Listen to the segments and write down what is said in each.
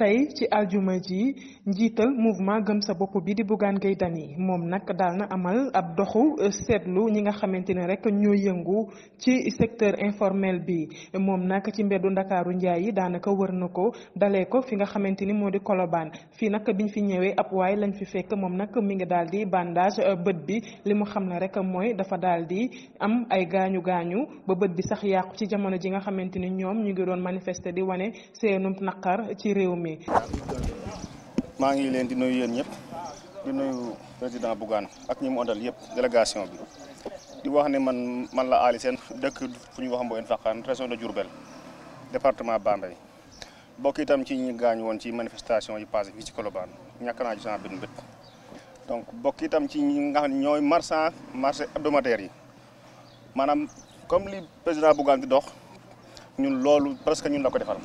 tey ci aljuma ji njiital mouvement gëm sa bopp bi di Bougane Gueye Dany moom nag daal na amal ab doxu seetlu ñi nga xamante ne rek ñoo yëngu ci secteur informel bi moom nag ci mbeddu ndakaaru njaay yi daanaka wër na ko dalee ko fi nga xamante ni moo di kolobaan fii nag ñu fi ñëwee ab waay lañ fi fekk moom nag mi ngi daal di bandage euh, bët bi li mu xam ne rek mooy dafa daal di am ay gaañu gaañu ba bët bi sax yàqu ci jamono ji nga xamante ni ñoom ñu ngi doon manifester di wane maa ngi leen di nuyu yéen ñëpp di nuyu président Bougane ak ñi mu àndal yëpp délégation bi di wax ne man man la Ali dëkk fu ñu wax Mboyène Fakhan région de Diourbel département Bambey bokk itam ci ñi gaañ woon ci manifestation yi passé fii ci Colobane ñàkk naa gisan bin bët donc bokk ci ñi nga ne ñooy marchand marché hebdomadaire yi maanaam comme li président Bougane di dox ñun loolu presque ñun la ko defal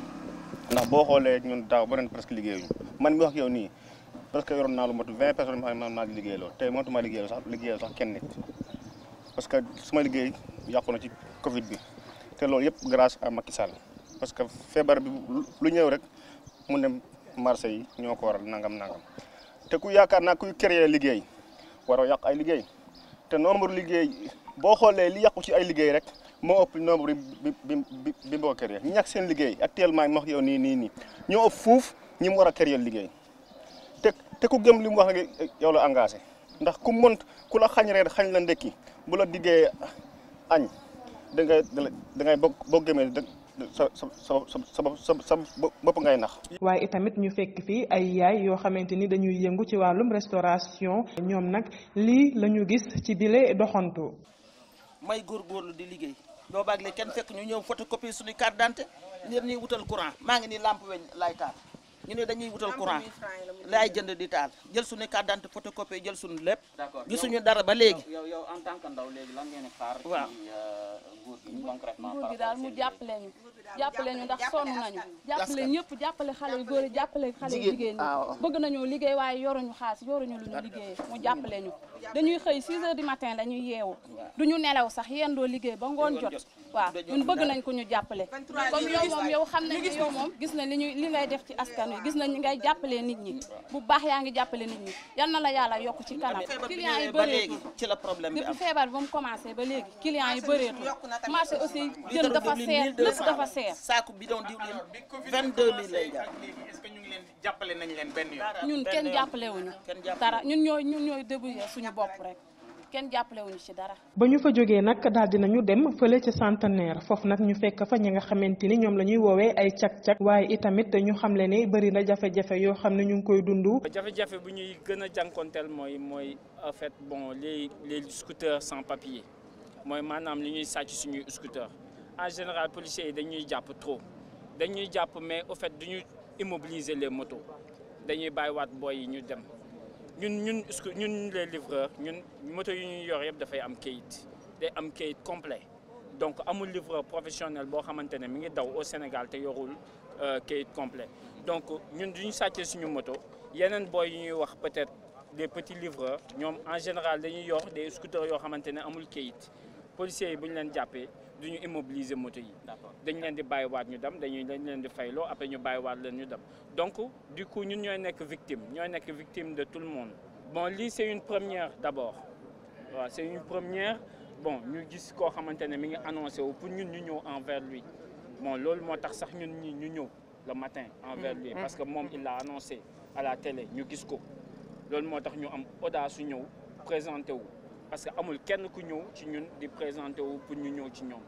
ndax boo xoolee ñun daaw ba ren presque liggéeyuñu man mi wax ak yow nii parce que yoroon naa lu mot vingt personnes ma ma maa liggéey loolu tey mënatuma liggéey sax sax kenn nit parce que suma liggéey yàqu na ci Covid bi te loolu yëpp grâce à Macky Sall parce que feebar bi lu ñëw rek mu ne marché yi ñoo ko waral nangam nangam te ku yaakaar naa kuy créer liggéey waroo yàq ay liggéey te nombre liggéey boo xoolee li yàqu ci ay liggéey rek. moo ëpp nombre bi bi bi kër ñi ñàkk seen liggéey actuellement ma wax yow nii nii ñoo ëpp fuuf ñi war a kër liggéey te te ku gëm li mu wax rek yow la engagé ndax ku mënt ku la xañ reer xañ la ndekki bu la diggee añ dangay bokk da ngay gëmee sa sa sa bopp ngay nax. waaye itamit ñu fekk fii ay yaay yoo xamante ni dañuy yëngu ci wàllum restauration ñoom nag lii lañu ñu gis ci bile doxantu. may góorgóorlu di liggéey boobaag léegi kenn fekk ñu ñëw photocopie suñuy carte d'identité ñeen ñuy wutal courant maa ngi nii lamp weñ laay taal ñu ne dañuy wutal courant laay jënd di taal jël suñu carte d'identité photocopie jël suñu lépp gisuñu dara ba léegi yow yow en tant que ndaw léegi lan ngeen xaar waaw euh, nguur gi concrètement nguur daal mu jàppale ñu jàppale ñu ndax sonn nañu jàppale ñëpp jàppale xale yu góor yi jàppale xale yu jigéen ñi ah, bëgg nañu liggéey waaye yoruñu xaalis ñu lu ñu liggéeye mu jàppale ñu dañuy xëy 6 heures du matin dañuy yeewu ñu nelaw sax yendoo liggéey ba ngoon jot waaw ñun bëgg nañ ko ñu jàppale comme yow moom yow xam nañ gis na li ñuy li ngay def ci aska wi gis nañ ñi ngay jàppalee nit ñi bu baax yaa ngi jàppale nit ñi yan na la yàlla yokk ci kanam client yi bëreetul ci la problème bi am depuis feebar ba mu commencé ba léegi client yi bëreetul marché aussi jën dafa seer lépp dafa seer saaku bidon diwlin 22000 lay jar est-ce que ñu ngi leen jàppale nañ leen benn yoon ñun kenn jàppalewuñu dara ñu ñooy ñun ñooy débrouiller suñu bopp rek kenn jàppalewuñu ci dara. ba ñu fa jógee nag daal di nañu dem fële ca centenaire foofu nag ñu fekk fa ñi nga xamante ni ñoom la ñuy woowee ay cag-cag waaye itamit ñu xamle ne bëri na jafe-jafe yoo xam ne ñu ngi koy dundu jafe-jafe bu ñuy gën a jànkonteel mooy mooy en fait bon les les scooters sans papier mooy maanaam li ñuy sàcc suñuy scooter en général policiers yi dañuy jàpp trop dañuy jàpp mais au fait duñu immobiliser les moto dañuy bàyyiwaat booy yi ñu dem. ñun ñun ñun les livreurs ñun moto yu ñuy yor yëpp dafay am kayit day am kayit complet donc amul livreur professionnel boo xamante ne mi ngi daw au Sénégal te yorul euh, kayit complet donc ñun du ñu sàccee suñu moto yeneen booy yu ñuy wax peut-être des petits livreurs ñoom en général dañuy yor des scooters yoo xamante ne amul kayit policiers yi bu ñu leen jàppee du ñu immobiliser moto yi. d'accord dañ leen di waat ñu dem dañuy dañ leen di fayloo après ñu bàyyiwaat leen ñu dem donc du coup ñun ñooy nekk victime ñooy nekk victime de tout le monde. bon lii c'est une première d'abord waaw c'est une première bon ñu gis koo xamante ne mi ngi annoncé wu pour ñun ñu ñëw envers lui bon loolu moo tax sax ñun ñi ñu ñëw le matin. envers mm, lui mm. parce que moom il l'a annoncé à la télé ñu gis ko loolu moo tax ñu am audace su ñëw présenté wu. parce que amul kenn ku ñëw ci ñun di présenté wu pour ñu ñëw ci ñoom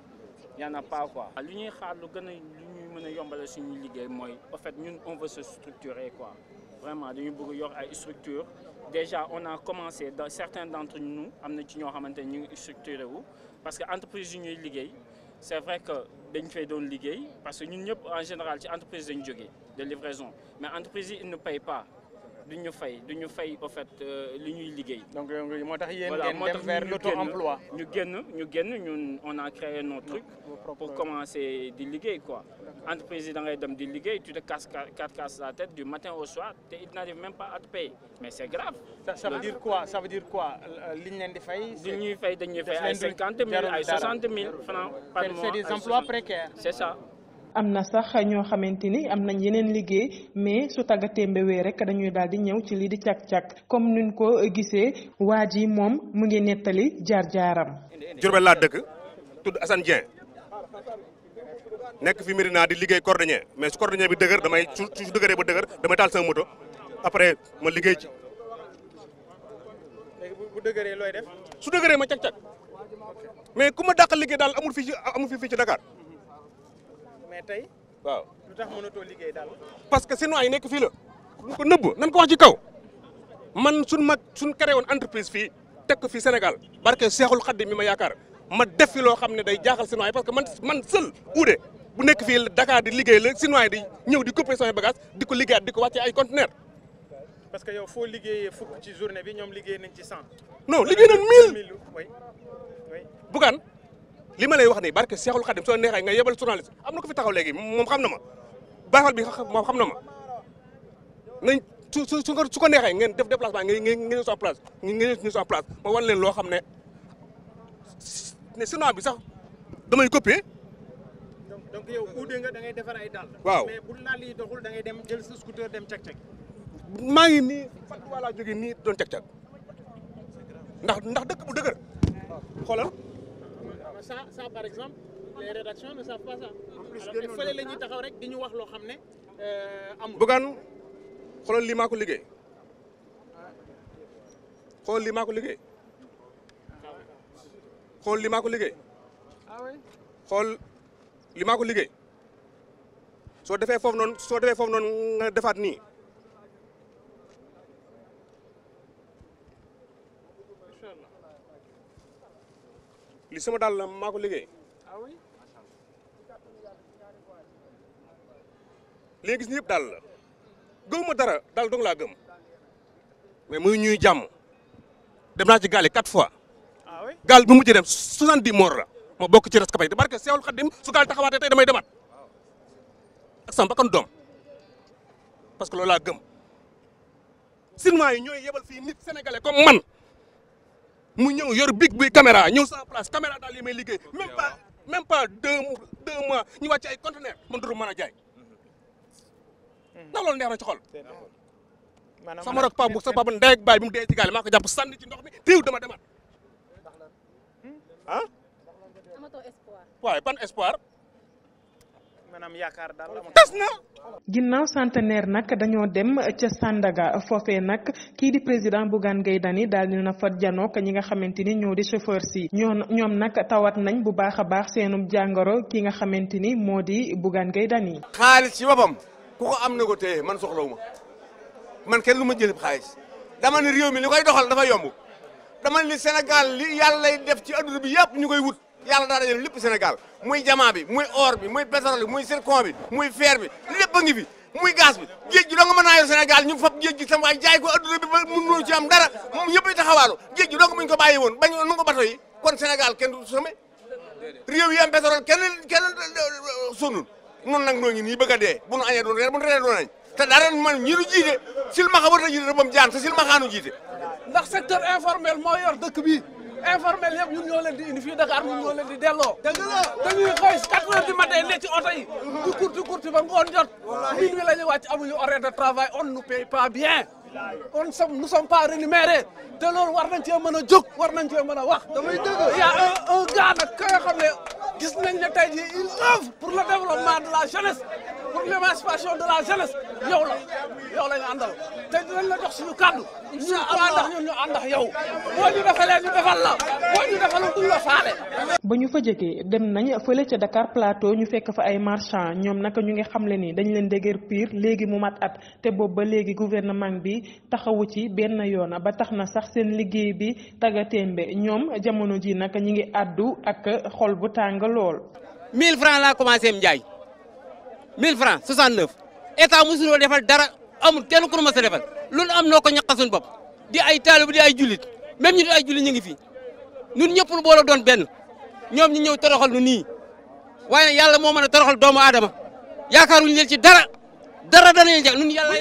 y en a pas quoi. li ñuy xaar lu gën a lu ñuy mën a yombale suñu liggéey mooy a fait ñun on veut se structurer quoi vraiment dañu bëgg yor ay structure déjà on a commencé dans certains d'entre nous am na ci ñoo xamante ni ñu ngi structuré wu parce que entreprise yu ñuy liggéey c'est vrai que dañ fay doon liggéey parce que ñun ñëpp en général ci entreprise ñu jógee de livraison mais entreprise yi ils ne payent pas. duñ ñu fay duñ ñu fay en fait euh, li ñuy liggéey. donc euh, moo tax yéen ngeen dem vers l'auto-emploi ñu génn ñu génn ñun on a créé nos trucs pour commencer di liggéey quoi. entreprise yi da ngay dem di liggéey tu te casses quatre casses la tête du matin au soir te ils n'arrivent même pas à te mais c'est grave. ça ça dire quoi ça veut dire quoi euh, liñ leen di fay. liñ ñuy fay dañuy fay ay cinquante mille ay soixante francs par mois. c'est des c'est ça. am na sax ñoo xamante ni am nañ yeneen liggéey mais su tàggatee mbéwee rek dañuy daal di ñëw ci lii di càkk càk comme nuñ ko gisee waa ji moom mu ngi nettali jaar-jaaram. Diourbel laa dëkk tudd Assane nekk fi naa di liggéey cordonnier mais su cordonnier bi dëgër damay su su dëgëree ba dëgër damay taal sama moto après ma liggéey ci. su dëgëree ma càkk-càkk mais ku ma dàq liggéey daal amul fii ci amul fii ci Dakar. mais tey. waaw lu tax mënatoo liggéey daal. parce que sinon ay nekk fii la. duñ ko nëbb nan ko wax ci kaw. man suñ mag suñ créé woon entreprise fii teg ko fii Sénégal barke Seexul Xaddim mi ma yaakaar ma def fi loo xam ne day jaaxal sinois yi parce que man man seul uude bu nekk fii Dakar di liggéey la sinois di ñëw di couper samay bagage di ko liggéeyaat di ko ci ay conteneur parce que yow foo liggéeyee fukk ci journée bi ñoom liggéey nañ ci cent. non liggéey nañ mille. oui li ma lay wax nii barke Seexul Xadim soo neexee nga yebal journaliste am na ko fi taxaw léegi moom xam na ma baafal bi moom xam na ma nañ su su su ko neexee ngeen def déplacement ngeen ngeen ngeen ñu place ngeen ñu place ma wan leen loo xam ne ne sinon bi sax damay copier. donc yow uude nga da ngay defar ay dàll. waaw mais bu laal yi doxul da ngay dem jël sa scooter dem cag-cag. maa ngi nii Fatou wala jógee nii doon cag-cag ndax ndax dëkk bu dëgër xoolal. xam ça ça par exemple les rédactions ne savent pas ah. taxaw rek di ñu wax loo xam ne euh, amul. Bougane xoolal lii liggéey xool limaako liggéey xool limaako liggéey xool lii maa ah liggéey soo defee foofu noon soo defee foofu noonu nga defaat nii. li sama daal la maa ko liggéey ah léegi ni yëpp daal la dara daal dong laa gëm mais muy ñuy jàmm dem naa ci gaal yi quatre fois ah gaal bu mujjee dem soixante-dix morts la ma bokk ci rescapés te barke Seexul Xadim su gaal taxawaatee tey damay demaat ak sama bakkan doom parce que loolu laa gëm Chinois yi ñooy yebal fii nit sénégalais comme man mu ñëw yor big bi caméra ñëw sans place caméra daal yi may liggéey même pas même pas deux deux mois ñu wàcc ay conteneur man duru mën a jaay hmm. ndax loolu na ci xol sama rok pa bu sa papa ndey ak baay bi mu dee ci gaal maa ko jàpp sànni ci ndox mi tiiw dama demaat hmm? ah waaye ban espoir maanaam yaakaar daal tas na. ginnaaw centenaire nag dañoo dem ca Sandaga foofee nag kii di président Bougane Gueye Dany daal dina fa janook ñi nga xamante ni ñoo di chauffeur si ñoon ñoom nag tawat nañ bu baax baax seenu jàngoro ki nga xamante ni moo di Bougane Gueye Dany. xaalis ci boppam ku ko am na ko téye man soxlawu ma man kenn lu ma jëlee xaalis dama ne réew mi li koy doxal dafa yomb dama ne li Sénégal li yàlla def ci adduna bi yëpp ñu koy wut. yàlla daa dajale lépp Sénégal muy jamaa bi muy or bi muy pétrole bi muy zircon bi muy fer bi lépp a ngi fi muy gaz bi géej gi doo nga mën naa yor Sénégal ñu fab géej gi sam jaay ko adduna bi ba mënuloo ci am dara moom ñëpp ay taxawaalu kon Sénégal kenn du same réew yi a dee bu nu añee doon reer bu nu reeree doon añ te dara man ñi nu jiite silmaxa war na jiite da bam jaan te silmaxaanu jiite ndax secteur informel moo yor dëkk bi informel yëpp ñun ñoo leen di indi fii Dakar ñun ñoo leen di delloo. dëgg la dañuy xëy 4 heures du matin ne ci oto yi. du kurti kurti ba jot. wallaahi bi la ñu wàcc amuñu horaire de travail on nous paye bien. on sommes nous sommes pas rémunérés te war nañ ci mën a jóg war nañ cee mën a wax. damay dëgg y a un un gars nag ne gis nañ ne tey jii il œuvre pour le développement de la jeunesse. pour l'émancipation de la jeunesse yow la yow la ñu àndal te dinañ la jox suñu ñu àndax boo ñu defalee ñu defal la boo ñu defalul duñ la faale. ba ñu fa jege dem nañ fële ca Dakar Plateau ñu fekk fa ay marchand ñoom naka ñu ngi xamle ni dañ leen dëgër piir léegi mu mat at te boobu ba léegi gouvernement bi taxawu ci benn yoon ba tax na sax seen liggéey bi tagatémbe ñoom jamono ji naka ñu ngi àddu ak xol bu tàng lool. 1000 francs laa commencé njaay. 1000 francs 69 état mosuloo defal dara amul kenn ku a defal loolu am noo ko ñaq suñu bopp di ay taalibe di ay jullit même ñu di ay jullit ñu ngi fi ñun ñëpp lu doon benn ñoom ñu ñëw toroxal nu nii waaye nag yàlla moo mën a toroxal doomu aadama yaakaaruñu leen ci dara dara danañu jag ñun yàlla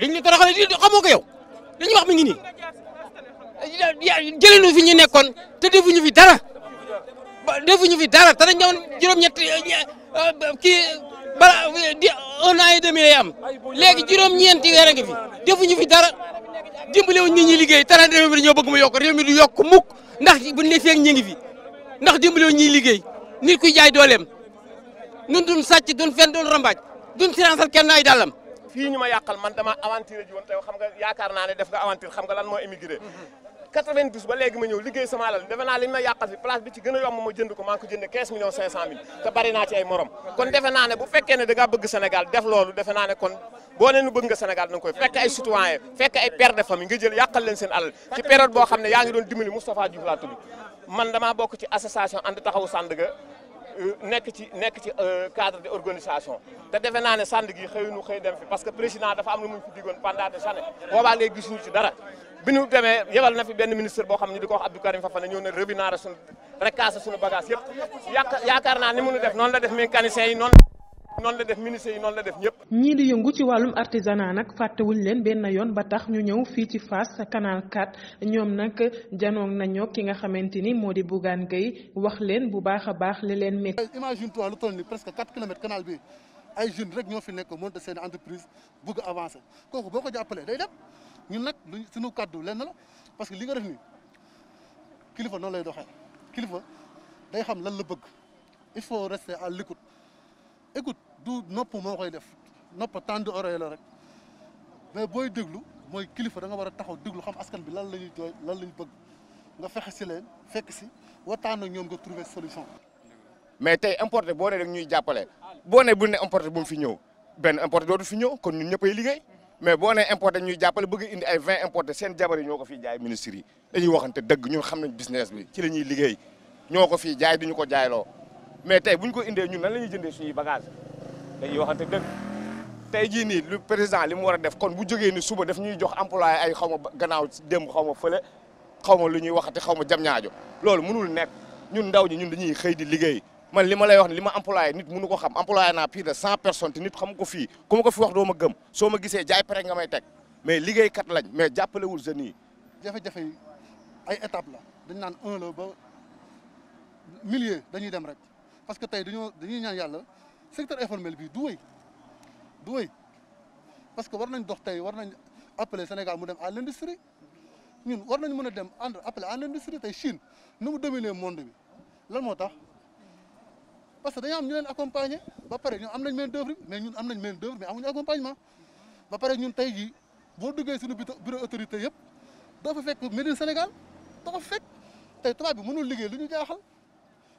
liñ ñu toroxal di xamoo ko yow dañuy wax mi ngi nii jëlee nu fi ñu nekkoon te defuñu fi dara ba defuñu fi dara te dañ ñëw juróom-ñett Euh, kii bala un an et demi lay am léegi juróom-ñeenti weer a ngi fi defuñu fi dara dimbalewuñ nit ñi liggéey taraan réew mi dañoo bëgg mu yokko réew mi di yokk mukk ndax buñ ne feeg ñi ngi fi ndax dimbalewuñ ñiy liggéey ni kuy jaay dooleem nun duñ sàcc duñ fen duñ rambaaj duñ siransal kenn ay dàllam fii ñu ma yàqal man dama aventure ji woon tey xam nga yaakaar naa ne def nga aventure xam nga lan moo émigré 90 ba léegi ma ñëw liggéey sama alal defe naa li ñu ma yàqal fi place bi ci gën a yomb ma jënd ko maa ko jënd 15 millions 500 mille te bari naa ci ay morom kon defe naa ne bu fekkee ne da ngaa bëgg Sénégal def loolu defe naa ne kon boo nee nu bëgg nga Sénégal da nga koy fekk ay citoyen fekk ay père de famille nga jël yàqal leen seen alal ci période boo xam ne yaa ngi doon dimbali Moustapha Diouf laa tudd man damaa bokk ci association ànd taxawu Sandaga euh, nekk ci nekk ci euh, cadre de organisation te defe naa ne sand gi xëy nu xëy dem fi parce que président dafa am lu mu fi digoon pendant des années boobaa léegi gisuñu ci dara bi ñu demee yebal na fi benn ministre boo xam ne di ko wax Abdou Karim Fofana ñëw na revinaare suñu recasé suñu bagage yëpp yaakaar naa ni mënu def noon la def mécanicien yi noonu noonu la def ministre yi noonu la def ñëpp. ñii di yëngu ci wàllum artisanat nag fàttewuñ leen benn yoon ba tax ñu ñëw fii ci Fass canal 4 ñoom nag janoog nañoo ki nga xamante ni moo di Bougane Gueye wax leen bu baax a baax li leen métti. imagine toi lu toll ni presque 4 kilomètres canal bi ay jeunes nekk monte seen entreprise bëgg avancer kooku ko jàppalee day dem. ñun nag luñ suñu kàddu lenn la parce que li nga def nii kilifa noonu lay doxe kilifa day xam lan la bëgg il faut rester à l'écoute écoute du nopp moo koy def nopp tànd oreille la rek mais booy déglu mooy kilifa da nga war a taxaw déglu xam askan bi lan la ñuy jooy lan la ñu bëgg nga fexe si leen fekk si waxtaan ak ñoom nga trouver solution. mais tey importé boo ne rek ñuy jàppale boo ne bu ne importé bu mu fi ñëw benn importé dootu fi ñëw kon ñun ñëppay liggéey. mais boo nee importé ñuy jàppale bëgg indi ay vin importé seen jabar yi ñoo ko fiy jaay ministres yi dañuy waxante dëgg ñun xam nañ business bi ci la ñuy liggéey ñoo ko fiy jaay duñu ko jaayloo mais tey buñ ñu ko indee ñun nan la ñuy jëndee suñuy bagage dañuy waxante dëgg tey jii nii lu président li mu war a def kon bu jógee ni suba def ñuy jox employé ay xaw ma gannaaw démb xaw ma fële xaw ma lu ñuy waxati xaw ma jam ñaajo loolu mënul nekk ñun ndaw ñi ñun dañuy xëy di liggéey man li ma lay wax ni li ma employé nit mënu ko xam employé naa plus de cent personnes te nit xam ko fii ku ma ko fi wax doo ma gëm soo ma gisee jaay pare nga may teg mais liggéeykat lañ mais jàppalewul wul yi. jafe-jafe ay étape la dañ naan un la ba millier dañuy dem rek parce que tey dañoo dañuy ñaan yàlla secteur informel bi du wéy parce que war nañ dox tey war nañ appeler Sénégal mu dem à l'industrie ñun war nañ mën a dem ànd appeler à l'industrie tey Chine nu mu dominer monde bi lan moo tax. parce que dañoo am ñu leen accompagner ba pare ñoom am nañ main d'œuvre mais ñun am nañ main d'œuvre mais amuñu accompagnement ba pare ñun tey jii boo duggee suñu bureau autorité yëpp dafa fekk Médina Sénégal dafa fekk tey tubaab bi mënul liggéey lu ñu jaaxal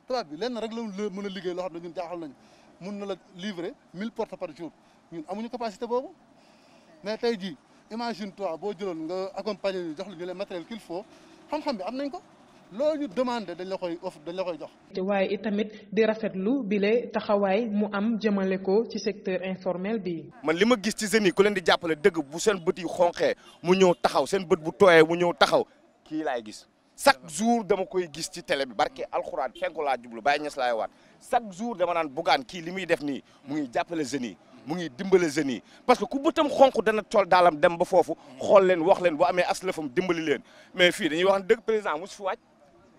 tubaab bi lenn rek la mun a liggéey loo xam jaaxal nañ mun na la livrer mille portes par jour ñun amuñu capacité boobu mais tey jii imagine toit boo jëloon nga accompagner jox lu ñu leen matériel qu'il faut xam-xam bi am nañ ko. loolu demande demandé dañ la koy offre dañ la koy jox. waaye itamit di rafetlu bile taxawaay mu am jëmale ko ci secteur informel bi. man li ma gis ci jeunes yi ku leen di jàppale dëgg bu seen bët yi xonqee mu ñëw taxaw seen bët bu tooyee mu ñëw taxaw kii laay gis chaque jour dama koy gis ci télé bi barke alxuraan fenku laa jublu Baye Niass laay waat chaque jour dama naan bugaan kii li muy def nii mu ngi jàppale jeunes yi. mu ngi dimbale jeunes yi parce que ku bëtam xonq tool daalam dem ba foofu xool leen wax leen bu amee aslëfam dimbali leen mais fii dañuy wax dëgg président mosu fi wàcc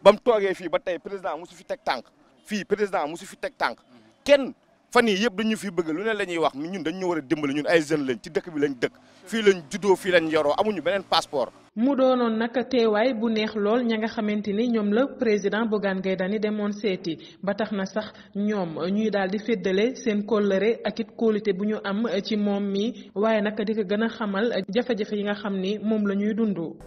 ba mu toogee fii ba tey président musu fi teg tànk fii président musu fi teg tànk kenn fan yii yëpp dañu fi bëgg lu ne la ñuy wax ñun dañu war a dimbali ñun ay jeunes lañ ci dëkk bi lañ dëkk fii lañ juddoo fii lañ yoroo amuñu beneen passeport. mu doonoon nag teewaay bu neex lool ña nga xamante ni ñoom la président Bougane Gueye Dany demoon seeti ba tax na sax ñoom ñuy daal di féddale seen kóllëre ak it kóolite bu ñu am ci moom mi waaye nag di gën a xamal jafe-jafe yi nga xam ni moom la ñuy dund.